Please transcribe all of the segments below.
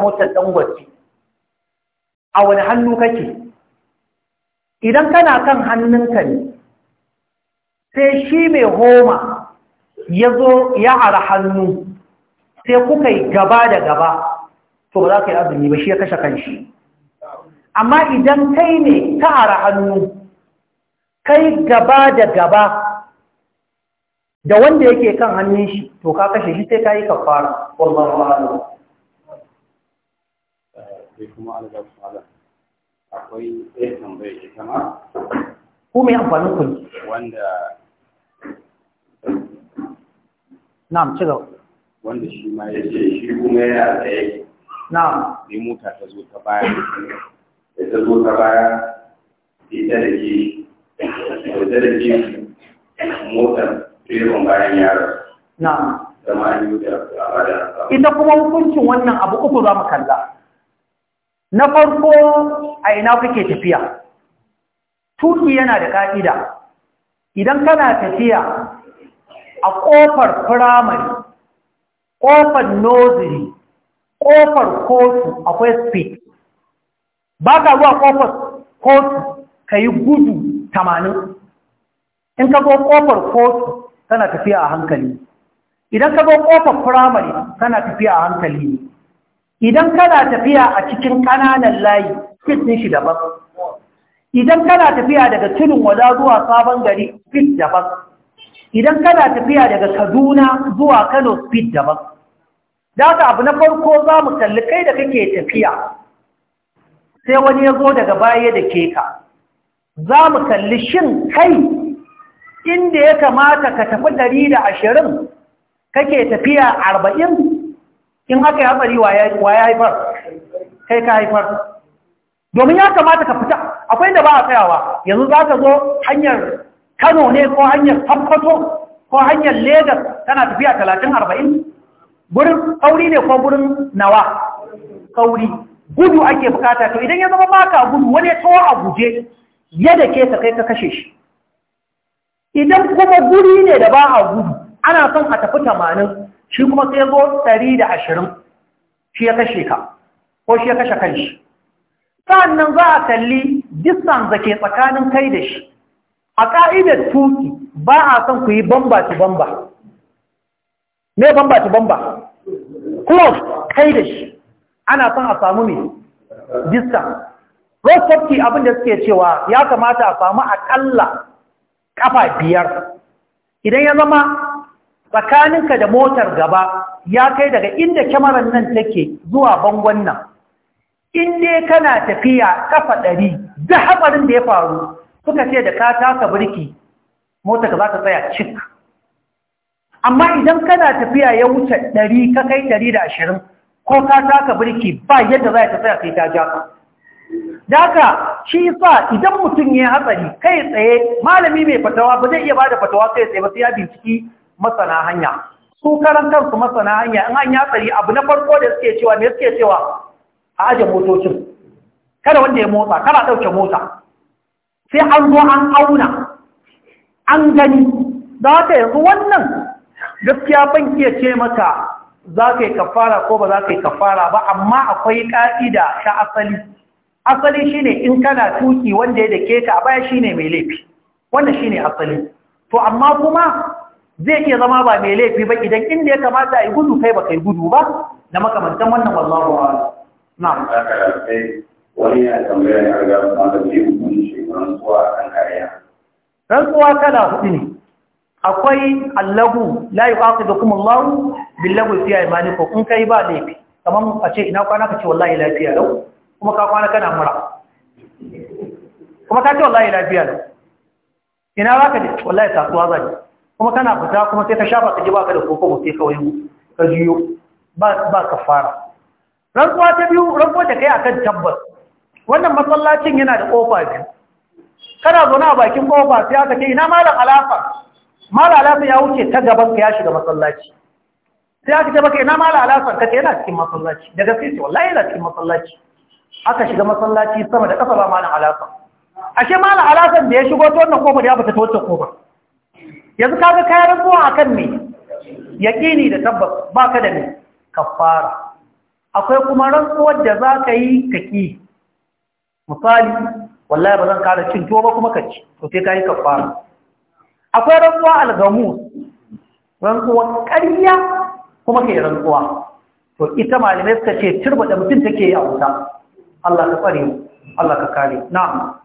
motar ɗan gwaji, a wani hannu kake idan kana kan hannunka ne sai shi mai homa ya zo ya ara hannu sai kuka yi gaba da gaba to ba za ka yi azumi ba shi ya kashe kanshi amma idan kai ne ta ara hannu kai gaba da gaba da wanda yake kan hannun shi to ka kashe shi sai ka yi kafara wallahu a'lam sai kuma alaga su akwai ɗaya tambaya ita ma ko mai amfanin kun wanda na'am ci wanda shi ma ya ce shi kuma yana tsaye na'am mota ta zo ta baya ta zo ta baya da ke da ke motar bayan na'am ita kuma hukuncin wannan abu uku za mu kalla na farko a ina kuke tafiya tuki yana da ka'ida idan kana tafiya a ƙofar firamare ƙofar nursery, ƙofar kotu akwai speed ba ka zuwa ƙofar kotu ka yi gudu tamanin. in ka zo ƙofar kotu kana tafiya a hankali idan ka zo ƙofar firamare kana tafiya a hankali idan kana tafiya a cikin ƙananan layi fit ne shi daban idan kana tafiya daga tudun wada zuwa sabon gari fit daban idan kana tafiya daga kaduna zuwa kano fit daban da ka abu na farko za mu kalli kai da kake tafiya sai wani ya zo daga baya da ke ka za mu kalli shin kai inda ya kamata ka tafi ɗari da ashirin kake tafiya arba'in in haka ya hatsari wa ya haifar kai ka haifar domin ya kamata ka fita akwai da ba a tsayawa yanzu za ka zo hanyar kano ne ko hanyar tabbato ko hanyar Legas tana tafiya talatin arba'in gurin kauri ne ko gurin nawa Kauri. gudu ake bukata to idan ya zama baka gudu wani tsawo a guje yadda ke ka kai ka kashe shi idan kuma guri ne da ba a gudu ana son a tafi tamanin shi kuma sai zo ɗari da ashirin shi ya kashe ka ko shi ya kashe kanshi Sannan za a kalli distance ke tsakanin kai da shi a ƙa'idar tuki ba a son ku yi bamba ci bamba me bamba ci bamba close kai da shi ana son a samu ne distance road safety da suke cewa ya kamata a samu ƙalla ƙafa biyar idan ya zama tsakaninka da motar gaba ya kai daga inda kyamarar nan take zuwa bangon nan in kana tafiya kafa ɗari da haɓarin da ya faru suka ce da ka taka birki motar ka za ta tsaya cik amma idan kana tafiya ya wuce ɗari ka kai ɗari da ashirin ko ka taka birki ba yadda za ta tsaya sai ta ja ka Daka shi sa idan mutum ya hatsari kai tsaye malami mai fatawa ba zai iya ba da fatawa kai tsaye ba sai ya binciki masana hanya su karantar su masana hanya in an yatsari abu na farko da suke cewa ne suke cewa a aje motocin kada wanda ya motsa kada ɗauke mota sai an zo an auna an gani da haka yanzu wannan gaskiya ban iya ce maka za ka yi kafara ko ba za ka yi kafara ba amma akwai ƙa'ida ta asali asali shine in kana tuki wanda ya dake ka a baya shine mai laifi wannan shine asali to amma kuma zai iya zama ba mai laifi ba idan inda ya kamata a yi gudu kai ba kai gudu ba da makamantan wannan wallahu a'lam na'am wani ya tambaya ne ga malami mun shi rantsuwa kan kariya rantsuwa kala hudu ne akwai allahu la yu'aqidukum Allah billahu fi aymanikum in kai ba laifi kamar a ce ina kwana ka ce wallahi lafiya lau kuma ka kwana kana mura kuma ka ce wallahi lafiya lau ina ba ka ce wallahi kasuwa zai kuma kana fita kuma sai ka shafa ka ji ba ka da koko sai kawai ka jiyo ba ba ka fara rantsuwa ta biyu rantsuwa ta kai akan tabbas wannan masallacin yana da kofa biyu kana zaune a bakin kofa sai aka ce ina malam alafa malam alafa ya wuce ta gaban ka ya shiga masallaci sai aka ce baka ina malam alafa ka ce yana cikin masallaci daga sai ce wallahi yana cikin masallaci aka shiga masallaci sama da kafa ba malam alafa ashe malam alafa da ya shigo ta wannan kofar ya fita ta wacce kofar yanzu kaga ka rantsuwa akan me ne da tabbas ka da Ka kafara akwai kuma rantsuwar da ka yi ka ƙi, misali wallahi ba zan kada cin tuwo ba kuma ka ci to sai ka kafara akwai rantsuwa algamu rantsuwa ƙarya kuma ke rantsuwa to ita malamai suka ce turba da mutum take yi a wuta Allah ka tsare Allah ka kare na'am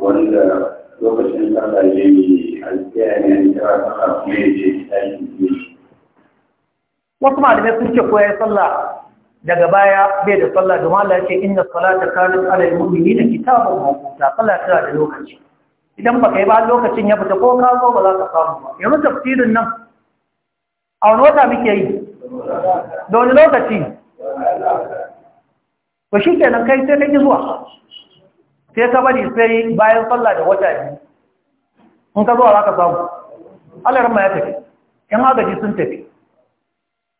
wanda lokacin sallah ya yi alƙiya ne kira ta kuma ya ta tashi ne wasu malamai sun ce koyar sallah daga baya bai da sallah domin Allah ya ce inna salata kanat ala al-mu'minina kitabun mawquta sallah tana da lokaci idan baka yi ba lokacin ya fita ko ka zo ba za ka samu ba yanzu tafsirin nan a wani wata muke yi da wani lokaci Ba shi kenan kai sai ka ki zuwa sai ka bari sai bayan sallah da wata biyu in ka zuwa za ka samu alarin ma ya tafi yan agaji sun tafi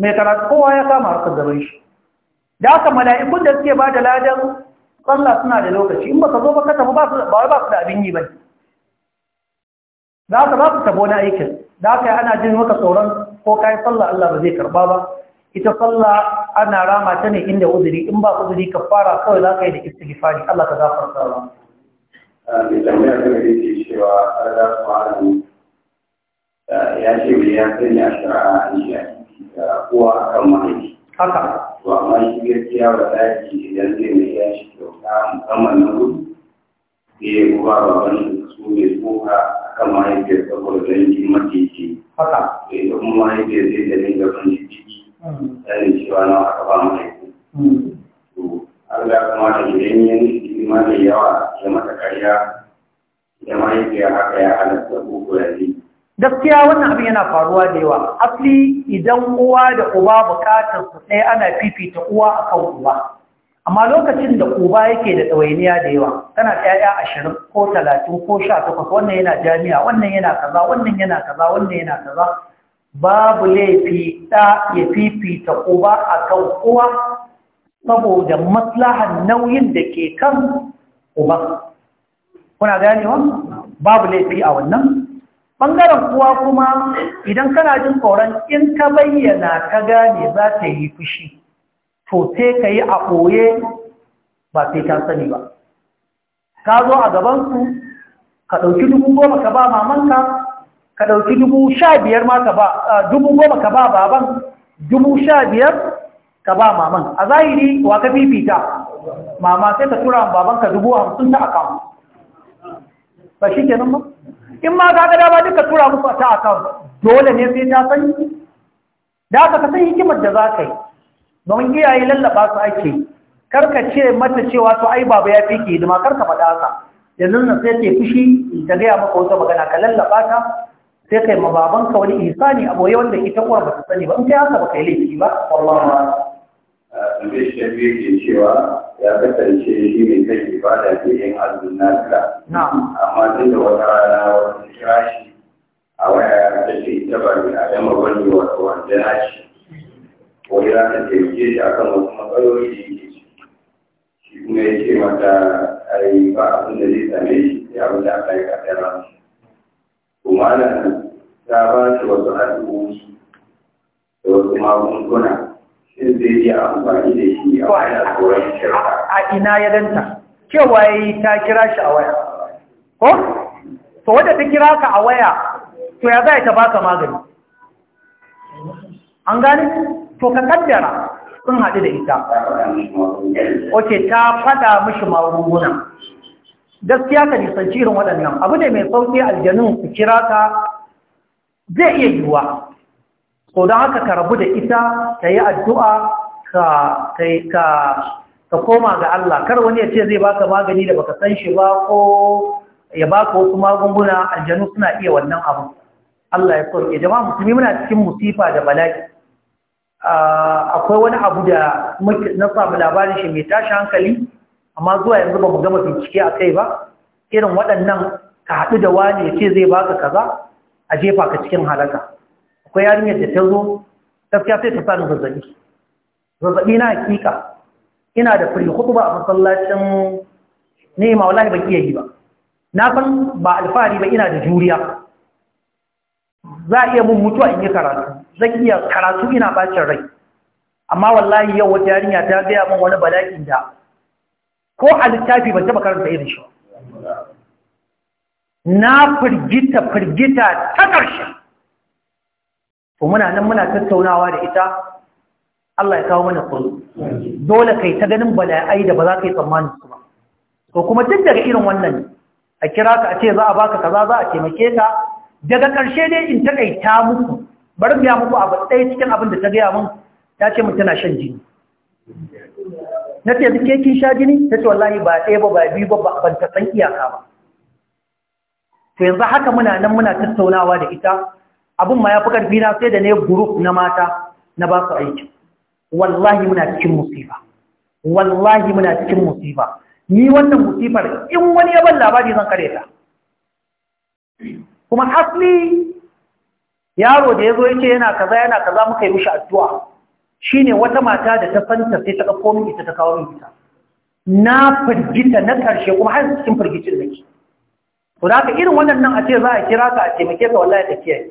mai karatu kowa ya kama harka gaban shi da aka mala'ikun da suke ba da ladan sallah suna da lokaci in ba ka zo ba ka tafi ba ba su da abin yi ba za aka ba su tabo na aikin da aka yi ana jin maka tsoron ko ka yi sallah Allah ba zai karba ba ita sallah ana rama ta ne inda uzuri in ba uzuri ka fara kawai za ka yi da istighfari Allah ka gafarta ba ah, mai tambaya ta gari ce cewa arda su ah, ya ce mai ya sanya shara'a a shi a kowa a kan mahaifi haka to amma shi gaskiya ba za ki idan zai mai ya shi kyauta musamman na gudu sai ya kuma wani su mai tsoka a kan mahaifiyar saboda dangi mace ce haka sai eh, kuma mahaifiyar zai da dinga kan jiki ɗari shi wani aka ba mu aiki Allah kuma da idan yin hidima da yawa ya mata karya ya mahaifiya haka ya halatta ko ya ji gaskiya wannan abin yana faruwa da yawa asli idan uwa da uba bukatar su sai ana fifita uwa akan uba amma lokacin da uba yake da tsawainiya da yawa tana da yaya ashirin ko talatin ko sha takwas wannan yana jami'a wannan yana kaza wannan yana kaza wannan yana kaza babu laifi ɗa ya fifita uba a kan uwa saboda maslahan nauyin da ke kan uba kuna ganewa babu laifi a wannan ɓangaren kuwa, kuma idan kana jin tsoron in ka bayyana ka gane za ta yi fushi to sai ka yi a ɓoye ba sai ta sani ba ka zo a gabansu ka ɗauki dubu goma ka ba mamanka ka ɗauki dubu sha biyar ma ka ba dubu goma ka ba baban dubu sha biyar ka ba maman a zahiri wa ka fifita mama sai ka tura baban ka dubu hamsin ta akawun ba shi kenan ba in ma ka dama duka tura musu ta akawun dole ne sai ta sanyi. da aka ka san hikimar da za ka yi mun iyaye lallaba su ake karka ce mata cewa to ai baba ya fi ke hidima karka faɗa ka yanzu na sai ke fushi da gaya maka wata magana ka lallaba ta sai kai ma babanka wani ihsani a boye wanda ita uwar ba ta sani ba in kai haka ba kai laifi ba wallahi eh, ma me shi yake cewa ya kasance shi ne kai ibada ke yin azumin nasa na'am amma duk da wata rana wani kira a waya ta ce ita ba ne a yamma bane wato wanda na shi ko ya ta taimake shi akan wasu matsaloli da yake ciki shi kuma ya ce mata yi ba abin da zai same shi ya wuce a kai ka ba. kuma ana ta ba shi wasu addu'o'i da wasu magunguna shi zai iya amfani da shi a wani alkawarin shirka. A ina ya danta, cewa yi ta kira shi a waya. Ko? To wadda ta kira ka a waya, to ya zai ta baka magani. An gane? To ka kaddara sun haɗu da ita. Oke, ta faɗa mishi magunguna. gaskiya ka nisanci irin waɗannan abu ne mai sauƙi aljanun su kira ka zai iya yiwuwa ko don haka ka rabu da ita ka yi addu'a ka koma ga Allah kar wani ya ce zai baka magani da baka san shi ba ko ya baka wasu magunguna aljanu suna iya wannan abu Allah ya sauƙi. jama'a musulmi muna cikin musifa da bala'i ah, akwai wani abu da na samu labarin shi mai tashi hankali amma zuwa yanzu ba mu gama bincike a kai ba irin waɗannan ka haɗu da wani ya ce zai baka kaza a jefa ka cikin halaka akwai yarinyar da ta zo gaskiya sai ta sa ni zazzabi zazzabi na hakika ina da firi hudu ba a masallacin ma wallahi ban iya yi ba na san ba alfahari ba ina da juriya za a iya mun mutuwa in yi karatu zan iya karatu ina bacin rai amma wallahi yau wata yarinya ta gaya min wani bala'in da ko a littafi ban taɓa karanta irin shi na firgita firgita ta ƙarshe to muna nan muna tattaunawa da ita Allah ya kawo mana tsoro dole kai ta ganin bala'ai da ba za ka yi tsammanin su ba to kuma duk daga irin wannan a kira ka a ce za a baka kaza za a taimake ka daga ƙarshe dai in takaita muku bari ya muku abu ɗaya cikin abin da ta gaya mun ta ce mun tana shan jini na ce ke kin sha jini ta ce wallahi ba ɗaya ba ba biyu ba ban ta iyaka ba to yanzu haka muna nan muna tattaunawa da ita abin ma ya fi ƙarfi na sai da ne group na mata na ba su aiki wallahi muna cikin musifa wallahi muna cikin musifa ni wannan musifar in wani ya ban labari zan kare ta kuma asli yaro da ya zo yake yana kaza yana kaza muka yi mishi addu'a Shi ne wata mata da ta fanta sai ta ɗauko min ita ta kawo min ita na firgita na ƙarshe kuma har cikin firgicin nake to da haka irin wannan nan a ce za a kira ka a taimake ka wallahi ta kiyaye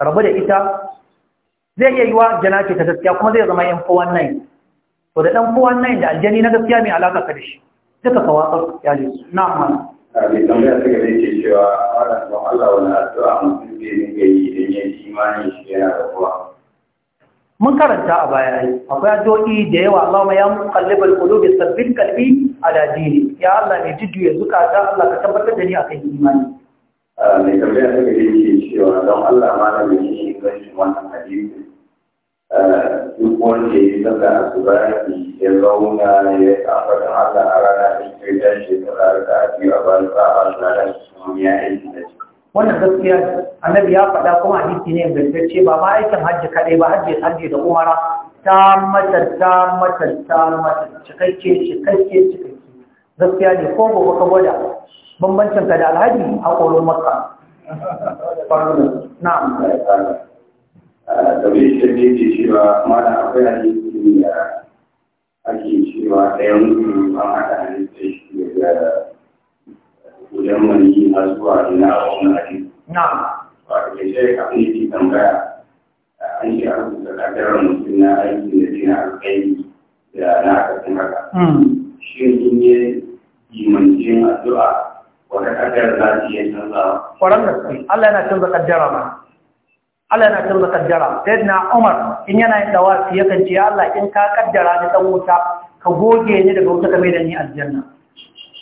rabu da ita zai iya yiwa jana ce ta gaskiya kuma zai zama yan 419 to da ɗan 419 da aljani na gaskiya mai alaƙa ka da shi duka ka watsar ya ne su na amma na. abin tambaya suka zai ce cewa a wadanda Allah wani addu'a mutum zai dinga yi idan ya ji imanin shi yana da rabuwa mun karanta a baya ai akwai addu'o'i da yawa Allahumma ya muqallibal qulubi sabbin qalbi ala dini ya Allah ne jujjuya zukata Allah ka tabbatar da ni akan imani mai tambaya ta gari ke cewa don Allah ma na mai shi ganin wannan hadisi duk wanda ya saka a tsuraki ya zauna ya da Allah a rana da ke tashi da rarraka a biyu a bayan sa'a na da su ya yi da wannan gaskiya annabi ya faɗa kuma hadisi ne ingantacce ba ma aikin hajji kaɗai ba hajji hajji da umara ta mata ta mata ta mata cikakke cikakke cikakke gaskiya ne ko gobe ka gwada bambancin ka da alhaji a koron maka Na na'am tabi shi ne ke cewa mana akwai hadisi da ake cewa ɗayan an haɗa hadisi da wajen mani a zuwa ina a wani Na. Ba da shi abin da ke tambaya an shi a rubuta kakarar mutum na aiki da a kai da na akasin haka. Hmm. Shi in yi imancin addu'a wata kaddara za su yi canzawa. Kwaran da su, Allah yana canza kaddara ma. Allah yana canza kaddara. Sai na Umar in yana yin dawa su yakan ce Allah in ka kaddara ni dan wuta ka goge ni daga wuta ka mai da ni aljanna.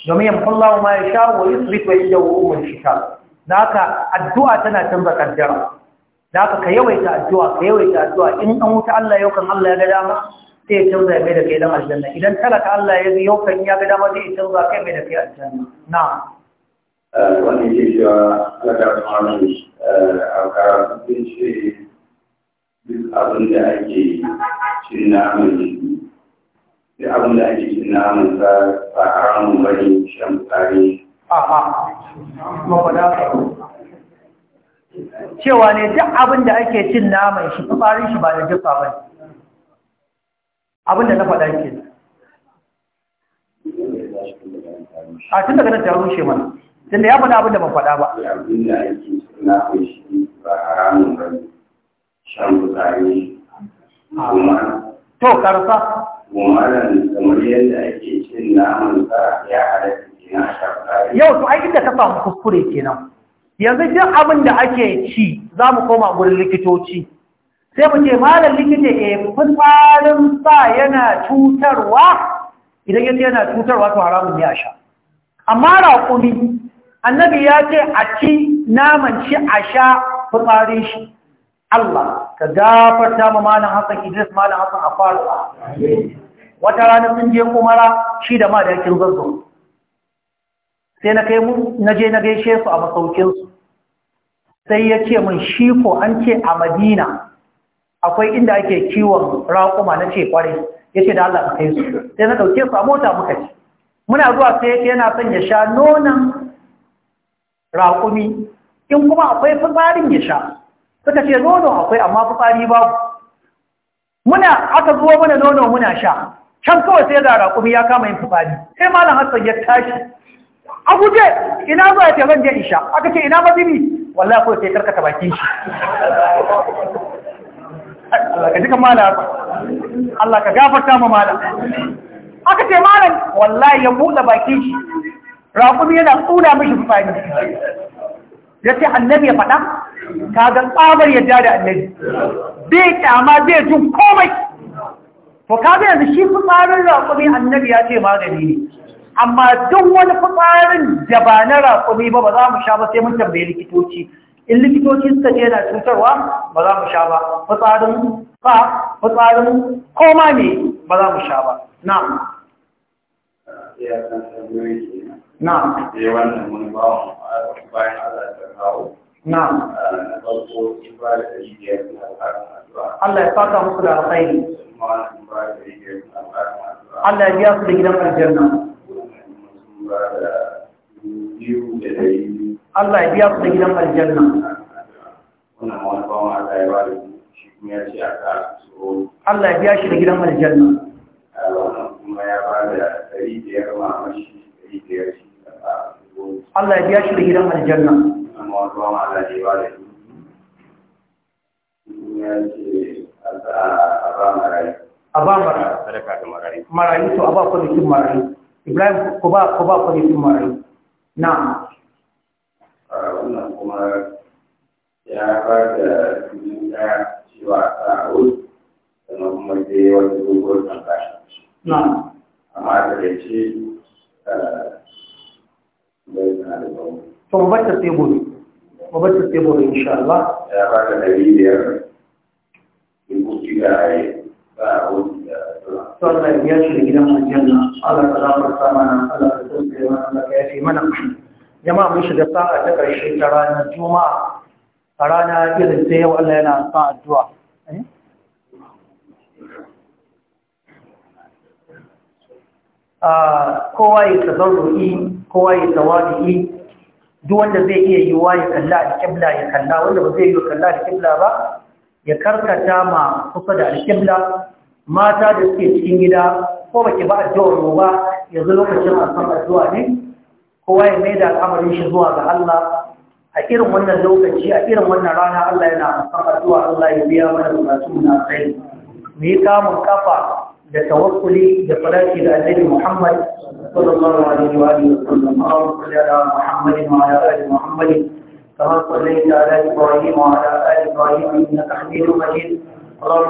domin Allah ma ya sha wa yusrif wa yadda wa umar shikar da addu'a tana canza kaddara da ka yawaita addu'a ka yawaita addu'a in an wuta Allah yau kan Allah ya ga dama sai ya canza mai da kai dan aljanna idan talaka Allah ya yi yau kan ya ga dama sai ya canza kai mai da kai aljanna na wani ke cewa Allah ya fara a karatu ce duk abin da ake cin namun da abin da ake cikin na amurka ba a ramun bari shan tsari. Cewa ne duk abin da ake cin naman shi tsarin shi ba da jifa ba abin da na faɗa ke. A tun daga nan ta rushe mana, tun da ya faɗa abin da ban faɗa ba. Abin da ake cikin naman shi ba a ramun bari shan tsari. To, karfa. kamar yadda ake cin naman tsara. ya halatta yau to ai inda ka samu kuskure kenan yanzu duk abin da ake ci za mu koma gurin likitoci sai mu ce malam likita e fitsarin sa yana cutarwa idan yanzu yana cutarwa to haramun ya sha amma raƙumi annabi ya ce a ci naman shi a sha fitsarin shi Allah ka gafarta ma malam Hassan Idris malam Hassan a faru wata rana sun je kumara shi da ma da yakin zazzo sai na kai na je na gaishe su a masaukin su sai ya ce min shi ko an ce a Madina akwai inda ake kiwon raƙuma na ce kwarai yace da Allah ka kai su sai na dauke su a mota muka ci muna zuwa sai yake yana son ya sha nonon raƙumi in kuma akwai fitsarin ya sha suka ce nono akwai amma fitsari babu muna aka zuwa mana nono muna sha can kawai sai ga raƙumi ya kama yin fitsari sai malam hassan ya tashi a guje ina zuwa ya ce zan je in aka ce ina mazibi wallahi kawai sai karkata bakin shi Allah ka ji kan malam Allah ka gafarta ma malam aka ce malam wallahi ya buɗe bakin shi raƙumi yana tsuna mishi fitsari ya ce annabi ya faɗa kagan tsabar yadda da annabi bai kyama bai jin komai to kaga yanzu shi fitsarin raƙumi annabi ya ce magani ne amma duk wani fitsarin da ba na raƙumi ba ba za mu sha ba sai mun tambaye likitoci in likitoci suka ce yana cutarwa ba za mu sha ba fitsarin ba fitsarin koma ne ba za mu sha ba na'am na'am eh, na Allah ya saka musu da alkhairi Allah ya biya su da gidan aljanna Allah ya biya su da gidan aljanna Allah ya biya shi da gidan aljanna Allah ya biya shi da gidan aljanna kuma kuma ma'ana da da shi ya ce a ba marayi to a ba ibrahim ku ba ku ba kwamitin marayi na wannan kuma ya ba da kudin da cewa a wuri sannan kuma sai wata dogon tsanka na amma eh, da ce bai na da bauni ta وبدل التبور إن شاء الله هذا الذي يمكن أن صلى يجري إلى الجنة على تغفر ثمنا على تسلسل من يأتي منا جماعة مش دقاء تكرشي ترانا الجمعة ترانا إذن سيو أنا ينعطى الدعاء kowa ya tazarru'i kowa ya duk wanda zai iya wa ya kalla kibla ya kalla wanda ba zai yi kalla kibla ba ya karkata ma kusa da alkibla mata da suke cikin gida ko baki ba addu'ar mu ba yanzu lokacin asan addu'a ne kowa ya mai da al'amarin shi zuwa ga Allah a irin wannan lokaci a irin wannan rana Allah yana asan addu'a Allah ya biya mana bukatun na tsayi mu yi kamun kafa لتوصلي بصلاة الأزل محمد صلى الله عليه وآله وسلم اللهم صل على محمد وعلى آل محمد كما صليت على إبراهيم وعلى آل إبراهيم إنك حميد مجيد